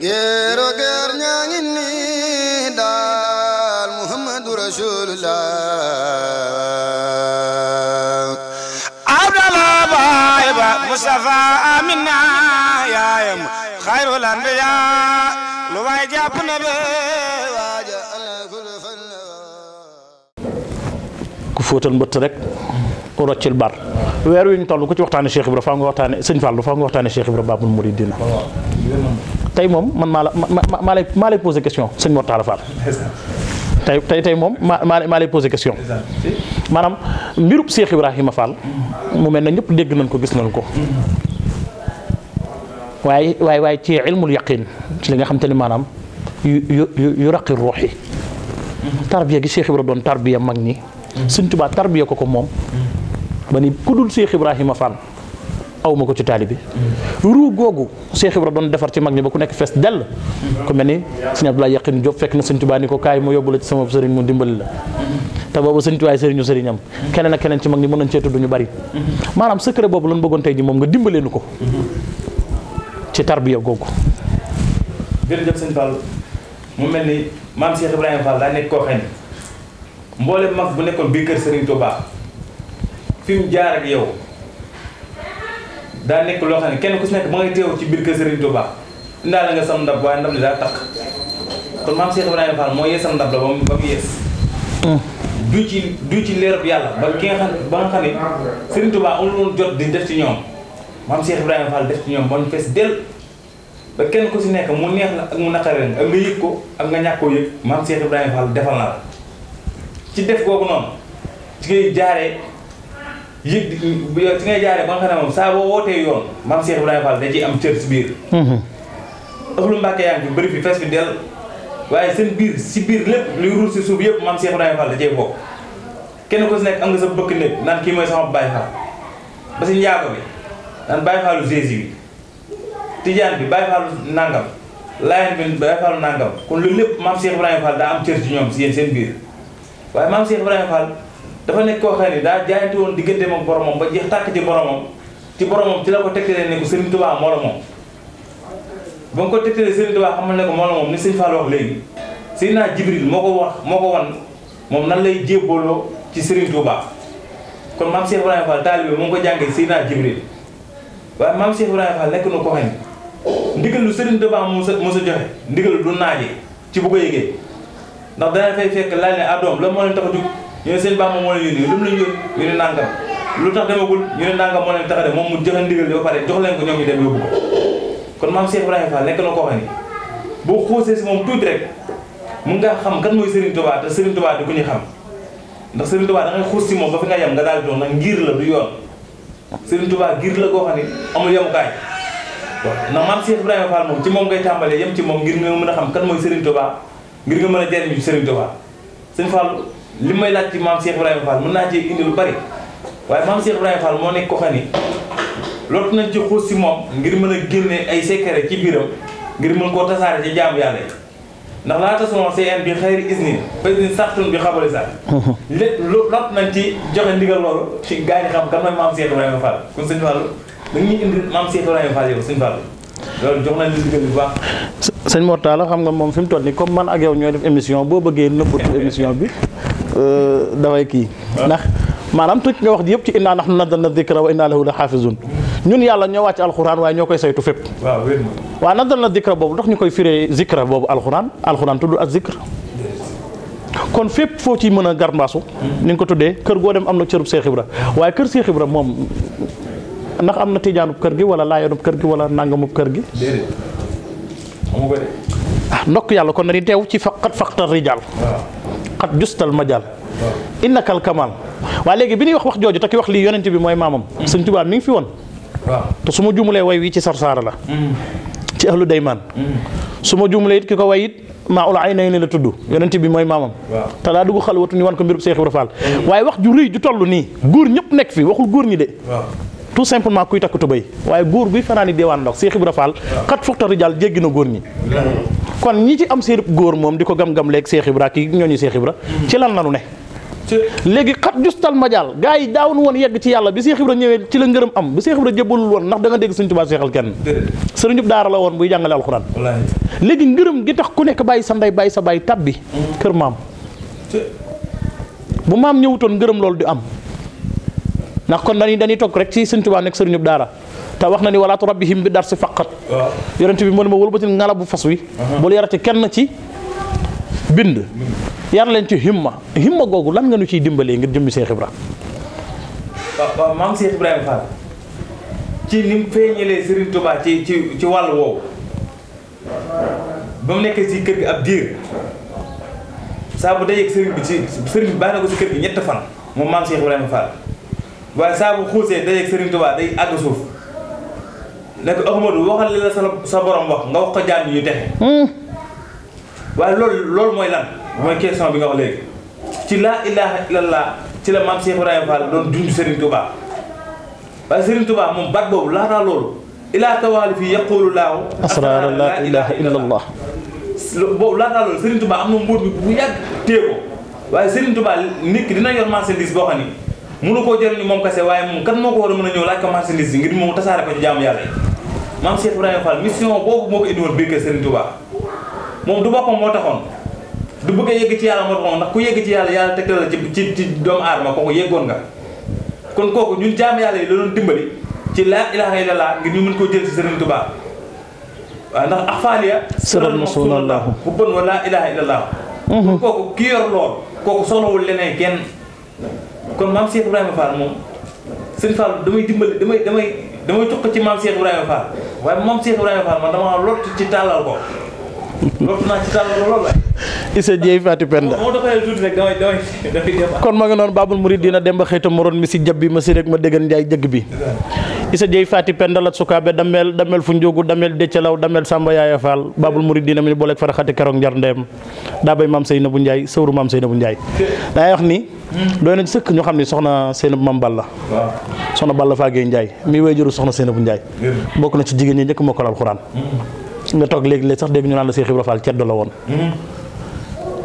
géero géer ñaa ngi nii daal muhammadu rasulullah abdallah baay ba mustafa amina yaayam xayrul anbiya lu waay jàpp na be waaja alakul fan ku fóotal mbëtt rek roccil bar weer wi ñu ku ci waxtaane Cheikh Ibra faa nga waxtaane sëñ Ibra Babul Muridina tey moom man maa la ma maa lay maa lay posé question sañ Mor Talla Fall. tey tey tey moom maa maa maa lay posé question. maanaam mbirub Cheikh Ibrahima Fall. mu mel na ñëpp dégg nañ ko gis nañ ko. waaye waaye waaye ci ilmul yaqin ci li nga xam te ni maanaam yu yu yu raqi ruux yi. tarbiya gi doon tarbiya mag ñi. Sëñ Tuubaa tarbiya ko ko moom. ba ni ku dul Cheikh Ibrahima Fall. awma ko ci taalibi ruu googu Cheikh Ibra doon defar ci mag ñi ba ku nekk fees dell ku mel ni sëñ Abdoulaye Yaqin Diop fekk na sëñ Tuubaa ni ko kaay mu yóbbu la ci sama sëriñ mu dimbali la te boobu sëñ Tuubaa sëriñu sëriñam keneen ak keneen ci mag ñi mën nañ cee tudd ñu bari maanaam secret boobu lan ko ci mu mel ni maam Cheikh Ibrahima Fall daa nekk koo xam ne mag bu nekkoon biir kër Serigne Touba jaar ak yow daa nekk loo xam ne kenn ko si nekk ba ngay teew ci biir kër Serigne Touba ndaa la nga sam ndab waaye ndab li daa takk kon maam Cheikh Ibrahima moo yeesal ndab la ba mu yees mm. du ci du ci leerub yàlla ba ki nga xam ba nga xam ne Serigne Touba amul woon jot di def ci ñoom maam Cheikh Ibrahima Fall def ci ñoom ba ñu fees del ba kenn ku si nekk mu neex la ak mu naqaree ak nga yëg ko ak nga ñàkkoo yëg maam Cheikh Ibrahima defal na la ci def googu noonu ci ngay jaaree yëg di fi ngay jaaree ba nga xam ne moom saa boo wootee yoon maam Cheikh Ibrahima Fall da ciy am cër si biir. Mhm. ëxlu Mbàkke yaa ngi fi bëri fi fees fi del waaye seen biir si biir lépp luy ruur si suuf yëpp maam Cheikh Ibrahima Fall da cee bokk kenn nekk am nga sa bëkk néeg naan kii mooy sama Baye Fall ba si njaago bi naan Baye bi Tijaan bi Baye Fallu nangam Laayeen bi Baye Fallu ñoom si yéen seen biir waaye maam Cheikh Ibrahima Fall. dafa nekk koo xam ne daa jaayante woon diggante moom boromam ba jeex tàkk ci boromam ci boromam ci la ko tegtalee ne ko Serigne Touba moo la moom. ba nga ko tegtalee ne ko moo la moom ni Serigne Fall wax léegi moo ko wax moo ko wan moom nan lay jébbaloo ci Serigne Touba. kon maam Cheikh Ibrahima Fall taalibe mu ngi ko jàngee nekk ko xam ne ndigal lu Serigne Touba mu sa mu sa joxe ndigal ci bu ko yëgee ndax dana fay ah la moo ñu seen sëñ Bamba moo leen yónni lu mu lañ yónni ñu ne nangam lu tax demagul ñu ne nangam moo leen tax dem moom mu joxe ndigal ba pare jox leen ko ñoom ñu dem yóbbu ko kon maam Cheikh Ibrahima Fall nekk na koo xam ne boo xoosee si moom tuuti rek mun nga xam kan mooy Serigne Touba te Serigne Touba di ko xam ndax Serigne Touba da ngay xuus si moom ba fi nga yem nga daal di doon nag ngir la du yoon Serigne Touba ngir la koo xam ne amul yemukaay waaw ndax maam Cheikh Ibrahima Fall moom ci moom ngay tàmbalee yem ci moom ngir nga mën a xam kan mooy Serigne Touba ngir nga mën a jëriñu Serigne Touba Serigne Fall li may laaj ci maam Cheikh Ibrahima Fall mën naa cee indi lu bari waaye maam Cheikh Ibrahima Fall moo nekk ko xam ni nañ ci moom ngir mën a génne ay secret ci biiram ngir mën koo tasaare ci jaamu ndax laata sama CN bi xëyri isnin ba isnin saxtun bi xabali sax lépp lu lot nañ ci joxe ndigal loolu ci gaa yi xam kan mooy maam Cheikh Ibrahima Fall kon sëñ Fall da ñuy indi maam Cheikh Ibrahima Fall yow sëñ Fall loolu jox nañ li ndigal bu baax nga moom fi mu toll nii comme man ak yow ñooy def émission boo bëggee nëbbatu émission bi Euh, dafay kii ndax maanaam tëj nga wax ji yëpp ci innaa nahnu nazzalna na wa innaa lahu la xaafizun ñun yàlla ñoo wàcc alxuraan waaye ñoo koy saytu fépp waaw nazzalna dhikra boobu ndax ñu koy firee zikra boobu alxuraan alxuraan tudd ak zikr kon fépp foo ci mën a garmbaasu ni ko tuddee kër goo dem am na cërub Seex Ibra waaye kër Seex Ibra moom ndax am na tijaanub kër gi wala laayonub kër gi wala nangamub kër gi ah ndokk yàlla kon dañuy teew ci faqat faqta rijaal xat justal majal innakal kamal waaye léegi bi ñuy wax wax jooju te ki wax lii yonent bi mooy maamam sëñ Tuubaa mi ngi fi woon te su ma juumulee way wi ci sarsaara la ci ahlu daymaan su ma juumulee it ki ko way it maa ul ay nay ni la tudd yonent bi mooy maamam te daa dugg xalwatu ni wan ko mbirub Seex Ibra Faal waaye wax ju rëy ju toll nii góor ñëpp nekk fi waxul góor ñi de tout simplement kuy takk tubéy waaye góor guy fanaani deewaan ndox Seex Ibra Faal xat fuxtari jàll jéggi na góor ñi kon ñi ci am seen góor moom di ko gam-gam leeg see Ibra ki ñooñu Seex Ibra ci lan lanu ne léegi xat justal majaal gars yi daawun woon yegg ci yàlla bi Seex Ibra ñëwee ci la ngërëm am bi Seex Ibra jébbalul woon ndax da nga dégg Sëriñ Tuubaa seexal kenn sëriñ bu daara la woon buy jàngale alxuraan léegi ngërëm gi tax ku nekk bàyyi sa ndey bàyyi sa bàyyi tab bi mm. kër maam bu ngërëm loolu di am ndax kon dañuy dañuy toog rek ci Sëñ Tuubaa nekk sëriñub daara te wax na ni walaatu rabbihim bi dar si faqat yonent bi moo ne ma wëlbatil ngalabu fas wi bul kenn ci bind yar leen ci himma nga nu ciy dimbalee ngir jëmmi Seex Ibra waaw maam Seex Ibrahima Fall ci ci ci ci wàll woowu ba mu nekkee si kër gi ab diir baax na ko si kër waaye saa bu xuusee dajeeg Serigne day àgg nekk Ahmadou waxal li la sa sa borom wax nga wax ko jaam ñu texe. Hmm. waaye loolu loolu mooy lan mooy question bi nga wax léegi ci laa ilaaha illallah ci la maam Cheikh Ibrahima Fall doon dund Serigne moom baat boobu laataa loolu. ilaa laa ilaaha illallah boobu laataa loolu Serigne Touba am na mbóot bi bu yàgg téye waaye Serigne Touba nit ki dina yor marchandise boo xam mënu koo jëriñu moom kese waaye moom kat moo ko war a mën a ñëw laaj ko marchandise yi ngir moom tasaare ko ci jaamu yàlla yi maam Cheikh Ibrahima Fall mission boobu moo ko indiwoon biir kër Serigne Touba moom du boppam moo taxoon du bëgg a yegg ku yegg ci yàlla yàlla tegtal la ci ci kon kooku ñun jaamu yàlla yi la ci laa ilaha illallah ngir koo jël ci Serigne Touba waaw ndax axfaaliya sëran masulallahu bu bon wa mhm. yor lool kooku soxlawul leneen kenn kon maam Cheikh Ibrahima Fall moom sëñ Fall damay dimbali damay damay damay jox ko ci maam Cheikh Ibrahima Fall waaye maam Cheikh Ibrahima Fall man damaa lott ci tàllal ko lott naa ci tàllal ko loolu la. Issa Dieye Fatou Penda moo doxalee tuuti rek damay damay dina dem ba xëy ta moroon mi si jab bi ma si rek ma déggan njaay jëgg bi. isa jëy faati pendalat sukaabe damel damel fu njóogu damel déccalaw damel samba yaaya faal babul muridina mi ni booleeg fara xati keroog njar ndeem maam sëy na bu njaay sëwru maam sëy na bu njaay dangay wax ni doy na sëkk ñu xam ni soxna na mi way juru soxna sëy na bu njaay bokk na ci jigéen ñi njëkk mokkal alxuraan mm-hmm. nga toog léegi-léeg sax dégg ñu naan la Cheikh Ibra Fall ceddo la woon mm-hmm.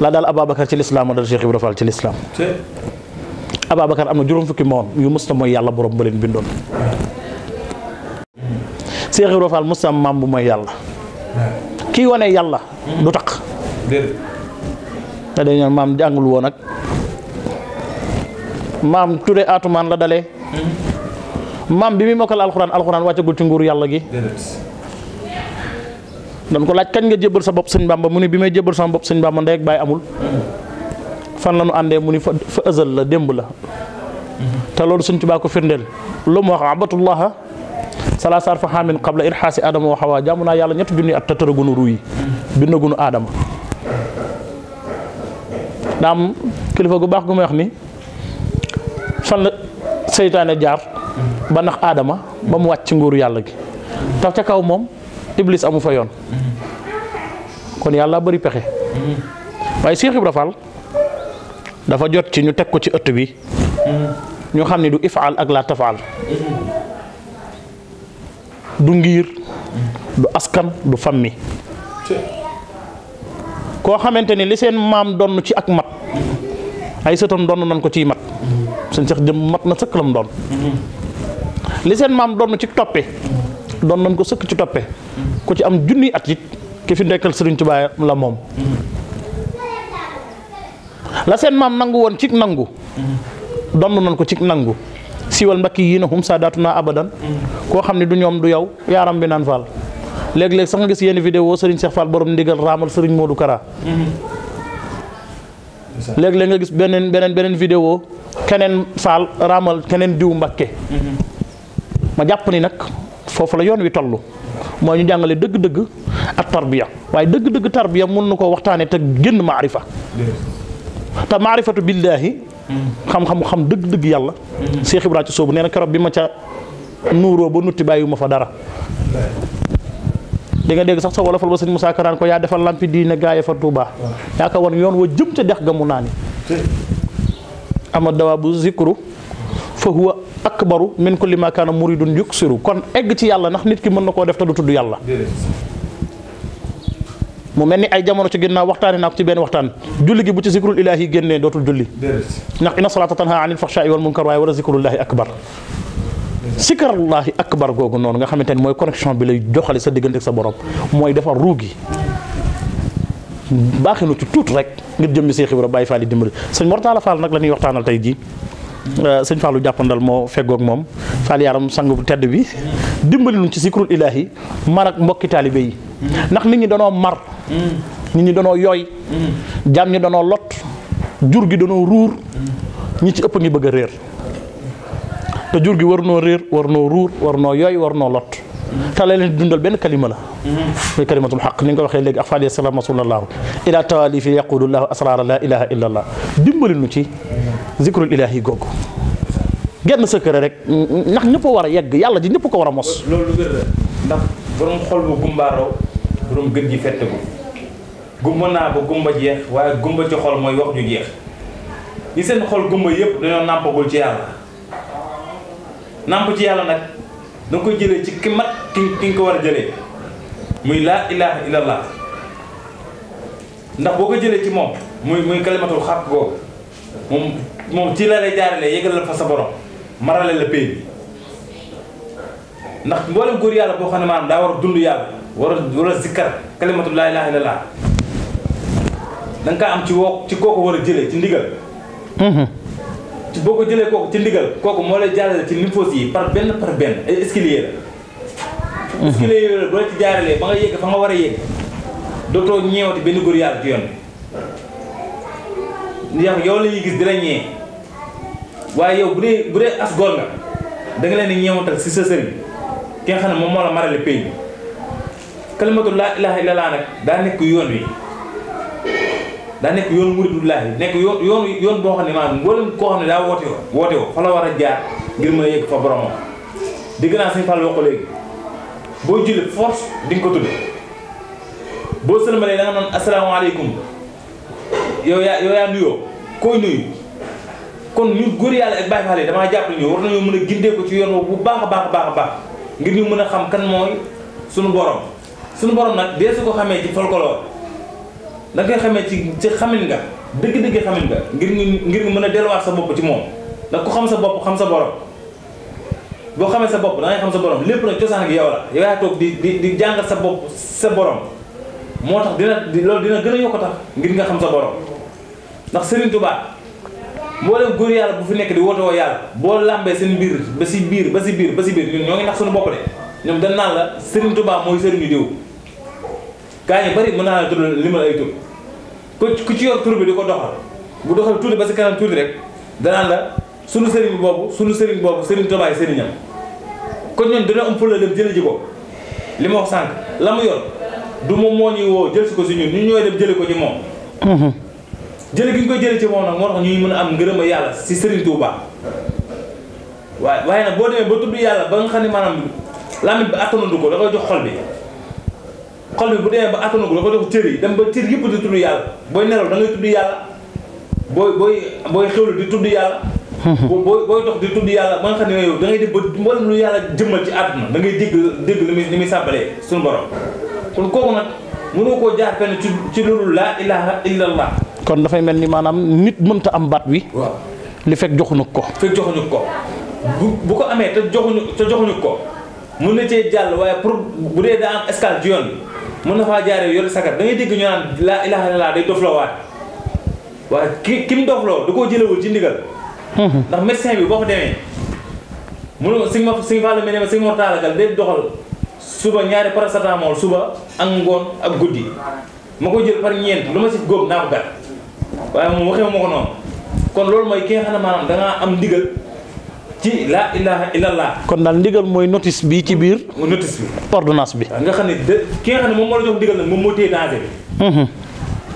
laa daal Ababacar ci lislaam dal Cheikh Ibra Fall ci lislaam Ababacar am na juróom fukki moom yu musta mooy yàlla borom ba leen Cheikh Ibra Fall Moussa maam bu mooy yàlla kii wane yàlla du tax da dañ maam jàngul woon ak maam Touré atumaan la dalee hmm. maam bi muy mokkal alxuraan alxuraan wàccagul ci nguur yàlla gi dañ ko laaj kañ nga jébbal sa bopp sëñ mba mu ni bi may jébbal sama bopp sëñ Bàmba ndey ak baay amul hmm. fan la nu àndee mu ni fa ëzal la démb la hmm. te loolu sëñ Tuubaa ko firndeel lu mu wax abatullaha salaasar fa xaamin qabla irxaasi aadama wa xawaa jaamu naa yàlla ñetti junni at te tëragunu ruuy bindagunu aadama daa am gu baax gu may wax ni fan seytaane jaar ba nax aadama ba mu wàcc ci nguuru yàlla gi tax ca kaw moom iblis amu fa yoon kon yàlla bari pexe waaye Cheikh Ibra Fall dafa jot ci ñu teg ko ci ëtt bi ñu xam ni du ifaal ak laa tafaal du ngir du askan du fammi koo xamante ni li seen maam donn ci ak mat ay sëtam donn nañ ko ciy mat seen seex jëm mat na sëkk lam doon li seen maam donn ci toppe doon nañ ko sëkk ci toppe ku ci am junniy at it ki fi ndekkal Sëriñ Tuubaa la moom la seen maam nangu woon ci nangu donn nañ ko cig nangu siiwal mbakki yii na hum saadaatuna abadan koo xam ne du ñoom du yow yaaram bi naan Fall léeg-léeg sax nga gis yenn vidéo Serigne Cheikh Fall borom ndigal raamal Serigne Modou Kara léeg-léeg nga gis beneen beneen beneen vidéo keneen Fall raamal keneen diw Mbàkke ma jàpp ni nag foofu la yoon wi toll mooy ñu jàngale dëgg-dëgg ak tarbiya waaye dëgg-dëgg tarbiya mun na koo waxtaane te génn maarifa te maarifatu billaahi xam-xam xam dëgg-dëgg yàlla. Cheikh Ibrahima ci soobu nee keroog bi ma ca nuuroo ba nutti bàyyiwuma fa dara. di nga dégg sax sa wolofal ba sëñ Moussa Karaan ko yaa defal lampi diine gaaye fa Touba. yaa ko wan yoon wa jëm ca dex ga mu naani. ama dawa bu zikru fa huwa akbaru min kulli ma kaana muridun yuksiru kon egg ci yàlla ndax nit ki mën na koo def te du tudd yàlla. mu mel ni ay jamono ci ginnaaw waxtaane naa ko ci benn waxtaan julli gi bu ci zikrul ilaahi génnee dootul julli ndax inna salaata tanha anil fahshaa'i wal munkar waaye war a zikrullaahi akbar zikrullaahi akbar googu noonu nga xamante ni mooy connexion bi lay joxale sa diggante sa borom mooy defar ruugi baaxi na ci tuut rek ngir jëmmi Seex Ibra Baay Faal yi dimbali sëñ Mortala Fall nag la ñuy waxtaanal tey jii euh, sëñ Fallou jàppandal moo feggoog moom Fall yaram sang bu tedd bi dimbali nu ci zikrul ilaahi mar ak mbokki taalibe yi ndax nit ñi danoo mar nit ñi danoo yooy jaam ñi danoo lot jur gi danoo ruur ñi ci ëpp ngi bëgg a réer te jur gi war noo réer war noo ruur war noo yooy war noo lot te la dundal benn kalima la muy kalimatul xaq ni ko waxee léegi afaali salaam rasulallah ila tawaali fi yaqulullahu la ilaha illa dimbali nu ci zikrul ilahi googu genn secret rek ndax ñëpp war a yegg yàlla ji ñëpp ko war a mos loolu wér la ndax gumba naa ba gumba jeex waaye gumba ci xol mooy wax ju jeex ñi seen xol gumba yépp dañoo nàmpagul ci yàlla nàmp ci yàlla nag danga koy jëlee ci ki mat ki ko war a jëlee muy laa ilaha illallah ndax boo ko jëlee ci moom muy muy kalimatul xaq googu moom ci la lay jaarale yégal la fa sa borom marale la pay bi ndax mboolem góor yàlla boo xam ne maanaam daa war a dund yàlla war a war zikkar kalimatul laa ilaha illallah danga nga am ci woo ci kooku war a jële ci ndigal. Mhm. ci boo ko jëlee kooku ci ndigal kooku moo lay jaarale ci lymphocytes yi par benn par benn ay escalier la. Mhm. escalier la bu la ci jaaralee ba nga yegg fa nga war a yegg dootoo ci yoon bi. ndax yow la gis dina ñee waaye yow bu dee bu as góor nga da leen di ñeewantal si sa sëriñ ki nga xam ne moom moo la marale pay bi kalimatu laa ilaaha illallaah nag daa nekk yoon wi. daa nekk yoon muridullaahi nekk yoon yoon yoon boo xam ne maanaam mboolem koo xam ne daa woote woo woote woo fa la war a jaar ngir mën a yegg fa boromam dégg naa sëñ Fall wax léegi boo julli force di ko tudd boo sëlmalee da nga naan asalaamaaleykum yow yaa yow yaa nuyoo koy nuyu kon ñu góor yàlla ak Baay Faal damaa jàpp ñu war nañoo mën a gindee ko ci yoon woowu bu baax baax baax a baax ngir ñu mën a xam kan mooy suñu borom suñu borom nag dee su ko xamee ci folklore da koy xamee ci ci xamin nga dëgg-dëgg xamin nga ngir ngir mën a delluwaat sa bopp ci moom ndax ku xam sa bopp xam sa borom boo xamee sa bopp da xam sa borom lépp nag cosaan ak yow la yow toog di di di jàngal sa bopp sa moo tax dina loolu dina gën a ngir nga xam sa borom ndax Serigne Touba mboolem góor yàlla bu fi nekk di wootewoo yàlla boo làmbee seen biir ba si biir ba si biir ba si biir ñoo ngi ndax sunu bopp de ñoom dañ naan la Serigne Touba mooy Serigne diw gaa yi bëri mën naa la li ma ay tur ku ku ci yor tur bi di ko doxal bu doxal tuuti ba si kanam tuuti rek danaa la sunu sëriñ boobu sunu sëriñ boobu sëriñ tobaay sëriñam kon ñoon dina am fulla dem jëli ji ko li ma wax sànq la yor du moom moo ñuy woo jël si ko si ñun ñu ñooy dem jëli ko ci moom mhm. jëli gi ñu koy jëli ci moom nag moo tax ñuy mën a am ngërëm a yàlla si sëriñ Touba waaye waaye nag boo demee ba tudd yàlla ba nga xam ne maanaam lamit bi ko da jox xol bi xol bi bu dee ba attanu ko dafa def cër yi dem ba cër yëpp di tudd yàlla da ngay tudd yàlla booy booy booy xewlu di tudd yàlla. Hmm. booy booy dox di tudd yàlla ba nga xam ne yow da ngay def jëmmal ci àdduna da ngay dégg dégg li muy li muy sàbbalee kon kooku nag mënoo koo jaar fenn ci ci loolu laa ilaha illallah. kon dafay mel ni maanaam nit mënta am baat wi. waaw li fekk joxuñu ko. fekk joxuñu ko bu bu ko amee te joxuñu te joxuñu ko mun na cee jàll waaye pour bu dee daa am escale ci yoon bi. mën na faa jaaree yore sagar da ngay dégg ñu naan laa ilaaha illallaah day dof la waat waaye ki ki mu dof loo da koo jëlewul ci ndigal. Mhm. ndax médecin bi boo fa demee mënoo si ma si ma ne ma si ma taalagal day doxal suba ñaari paracetamol suba ak ngoon ak guddi ma ko jël par ñeent lu ma si góob naa ko gat waaye moom waxee ma ko noonu kon loolu mooy ki nga xam ne am ndigal. ci laa ilaha illallah. kon daal ndigal mooy notice bi ci biir. mooy notice bi. ordonnance bi. nga xam ne de ki nga xam ne moom moo la jox bi. Mhm.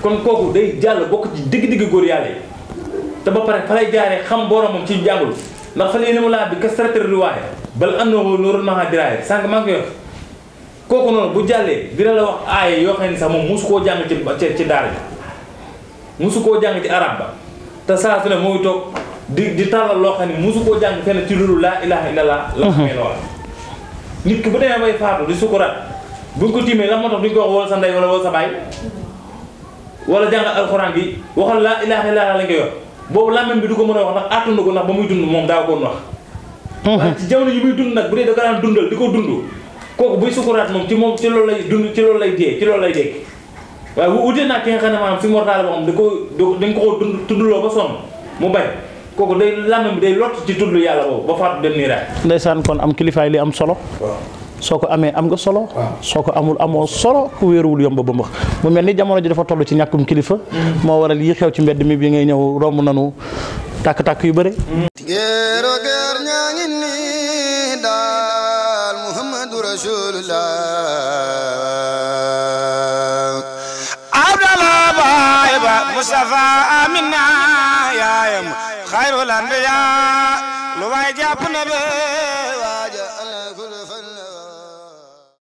kon kooku day jàll bokk ci digg-digg góor yàlla te ba pare fa lay jaaree xam boromam ci jàngul ndax fa lay ne mu laa bi kasratir riwaaya bal am na woo loolu maa diraaya sànq maa kooku noonu bu jàllee dina la wax aaya yoo xam ne sax moom mosu koo jàng ci ci daara ji mosu koo jàng ci arab ba te di di tàllal loo xam ne mosu koo jàng fenn ci loolu laa ilaha illallah. la xamee loola. nit ki bu demee bay faatu di bu buñ ko tiimee la moo tax duñ ko wax wala sa ndey wala wala sa baay wala jàng alxuraan bi waxal laa ilaha illallah lañ koy wax boobu làmmiñ bi du ko mën a wax ndax àttanu ko ndax ba muy dund moom daa ko wax. waaye ci jamono yi muy dund nag bu dee da ko daan dundal di ko dund. kooku buy sukuraat moom ci moom ci loolu lay dund ci loolu lay dee ci loolu lay dégg waaye bu utee nag ki nga xam ne da ko da nga ko dund tuddloo ba sonn mu bay kooku day làmmiñ bi day lott ci tudd yàlla boobu ba faatu dem nii rek. ndeysaan kon am kilifaay li am solo. soo ko amee am nga solo. soo ko amul amoo solo ku wéeruwul yomb ba mbax mu mel ni jamono ji dafa toll ci ñàkkum kilifa. Mm-hmm. moo waral yi xew ci mbedd mi bi ngay ñëw romb nanu tàkk-tàkk yu bëre. Mm-hmm. géero géer ñaa ngi nii daal Muhammadu Rasulullah. Abdallah baay ba Mustafa Amina yaayam. xayrul anbiyaa lu waay jàpp na be